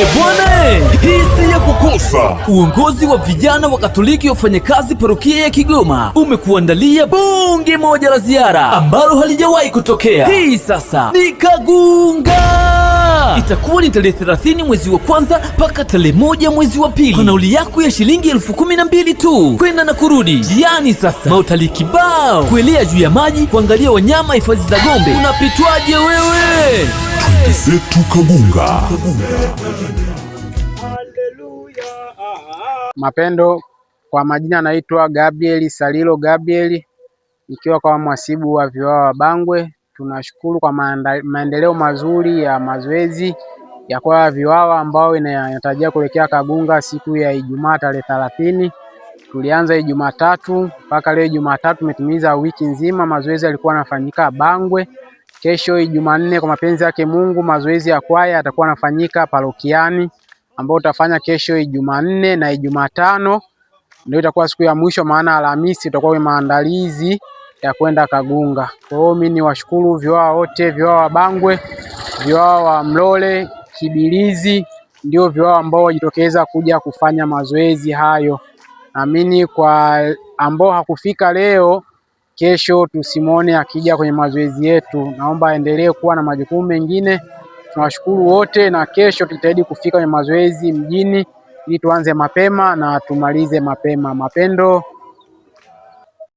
Ebwana, eh, hii si ya kukosa. Uongozi wa vijana wa Katoliki wafanyakazi parokia ya Kigoma umekuandalia bunge moja la ziara ambalo halijawahi kutokea. Hii sasa ni Kagunga itakuwa ni tarehe 30 mwezi wa kwanza mpaka tarehe moja mwezi wa pili, kwa nauli yako ya shilingi elfu kumi na mbili tu kwenda na kurudi. Jiani sasa mautalii kibao, kuelea juu ya maji, kuangalia wanyama hifadhi za Gombe. Unapitwaje wewe? Twende zetu Kagunga. Mapendo kwa majina anaitwa Gabriel Salilo Gabriel, nikiwa kwa mwasibu wa viwaa wa Bangwe Tunashukuru kwa maendeleo mazuri ya mazoezi ya kwaya Viwawa ambao inatarajia kuelekea Kagunga siku ya Ijumaa tarehe thelathini. Tulianza Jumatatu mpaka leo Jumatatu, tumetimiza wiki nzima. Mazoezi yalikuwa yanafanyika Bangwe. Kesho Jumanne, kwa mapenzi yake Mungu, mazoezi ya kwaya yatakuwa yanafanyika Parokiani, ambao utafanya kesho Jumanne na Jumatano ndio itakuwa siku ya mwisho, maana Alhamisi itakuwa maandalizi ya kwenda Kagunga. Kwa hiyo mimi niwashukuru viwawa wote, viwawa wa Bangwe, viwawa wa Mlole, Kibilizi, ndio viwawa ambao wajitokeza kuja kufanya mazoezi hayo. Naamini kwa ambao hakufika leo, kesho tusimwone akija kwenye mazoezi yetu. Naomba aendelee kuwa na majukumu mengine. Tunawashukuru wote, na kesho tujitahidi kufika kwenye mazoezi mjini, ili tuanze mapema na tumalize mapema. Mapendo